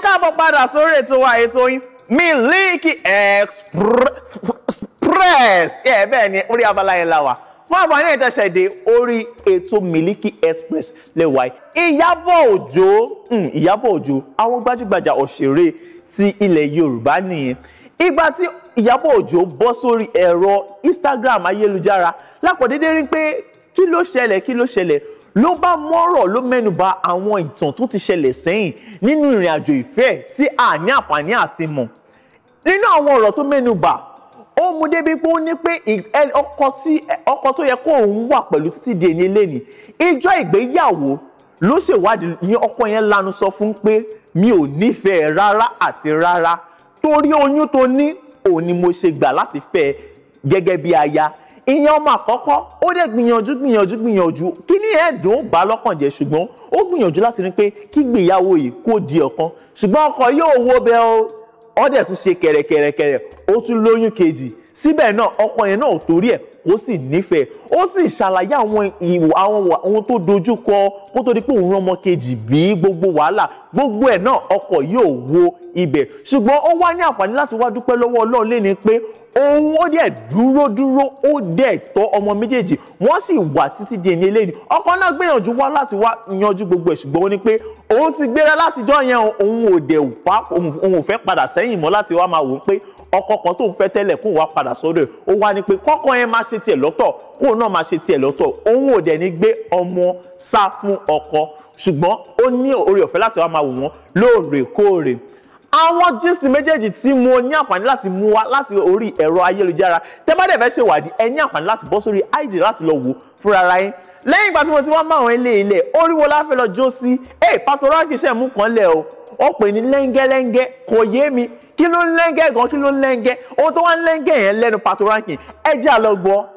káàbọ̀ padà sórí ètò wa ètò yín Miliki Express ẹ bẹ́ẹ̀ ni orí abala yẹn la wà fún àǹfààní ìtẹ̀sẹ̀ orí ètò Miliki Express lẹ́wàá Ìyábọ̀ Òjó hmm, Ìyábọ̀ Òjó àwọn gbajúgbajà òṣèré ti ilẹ̀ Yorùbá nìyẹn ìgbà tí Ìyábọ̀ Òjó bọ́ sórí ẹ̀rọ Instagram ayélujára lákọ̀ọ́dédé rí pé kí ló ṣẹlẹ̀ kí ló ṣẹlẹ̀ ló bá mọ́rọ̀ ló mẹ́nuba àwọn ìtàn tó ti ṣẹlẹ̀ sẹ́yìn nínú ìrìn àjò ìfẹ́ tí a ní àǹfààní àti mọ̀ nínú àwọn ọ̀rọ̀ tó mẹ́nuba ó mú débi pé ó ní pé ọkọ tó yẹ kó òun wà pẹ̀lú títí di èyí lẹ́ni ìjọ ìgbéyàwó ló ṣèwádìí ní ọkọ yẹn lanu sọ fún pé mi ò nífẹ̀ẹ́ rárá àti rárá torí oyún tó ní òun ni mo ṣe gbà láti fẹ́ gẹ́gẹ́ bí aya ìyẹn ọmọ àkọ́kọ́ ó dẹ̀ gbìyànjú gbìyànjú gbìyànjú kí ní ẹ̀dùn ó bá lọ́kàn jẹ́ ṣùgbọ́n ó gbìyànjú láti rí pé kí gbéyàwó yìí kó di ọ̀kan ṣùgbọ́n ọkọ yóò wo bẹ o ọ dẹ̀ tún ṣe kẹ̀rẹ̀kẹ̀rẹ̀kẹ̀rẹ̀ ó tún lóyún kejì síbẹ̀ náà ọkọ yẹn náà torí ẹ̀ ó sì nífẹ̀ẹ́ ó sì ṣàlàyé àwọn ìwà àwọn ohun tó dojú kọ kó tó di pé òun ọmọ kejì bí gbogbo wàhálà gbogbo ẹ̀ náà ọkọ yóò wo ibẹ̀ ṣùgbọ́n ó wá ní àǹfààní láti wá dúpẹ́ lọ́wọ́ Ọlọ́run lé ni pé òun ó dẹ̀ dúró dúró ó dẹ̀ tọ́ ọmọ méjèèjì wọ́n sì wà títí di ẹni eléyìí ọkọ náà gbìyànjú wá láti wá yanjú gbogbo ẹ̀ ṣùgbọ́n ó ní pé òun ti gbéra látijọ́ yẹn òun ò dẹ̀ fà òun ò fẹ́ padà sẹ́yìn mọ́ láti wá máa wò ó pé ọkọ kan tó ń fẹ́ tẹ́lẹ̀ kóun wá padà sọ́dọ̀ ó wá ní pé kọ́kọ́ yẹn máa ṣe tiẹ̀ lọ́tọ̀ kóun náà máa ṣe tiẹ̀ lọ́tọ̀ òun ò dẹ̀ ní gbé ọmọ sá fún ọkọ ṣùgbọ́n ó ní oore ọ̀fẹ́ láti wá máa wò wọ́n lóòrèkóòrè àwọn gist méjèèjì tí mo ní àǹfààní láti mú wá láti orí ẹ̀rọ ayélujára tẹ́ bá dẹ̀ fẹ́ ṣèwádìí ẹ ní àǹfààní láti bọ́ sórí IG láti lọ wò fúnra ara yín lẹ́yìn ìgbà tí mo ti wá máa wọn ilé ilẹ̀ oríwo láfẹ́ lọ jó sí ẹ Pàtóràkì iṣẹ́ mú kan lẹ̀ o ó pè ní lẹ́ńgẹ́lẹ́ńgẹ́ kò yé mi kí ló ń lẹ́ńgẹ́ gan kí ló ń lẹ́ńgẹ́ ohun tó wá ń lẹ́ńgẹ́ yẹn lẹ́nu Pàtóràkì ẹ jẹ́ àlọ́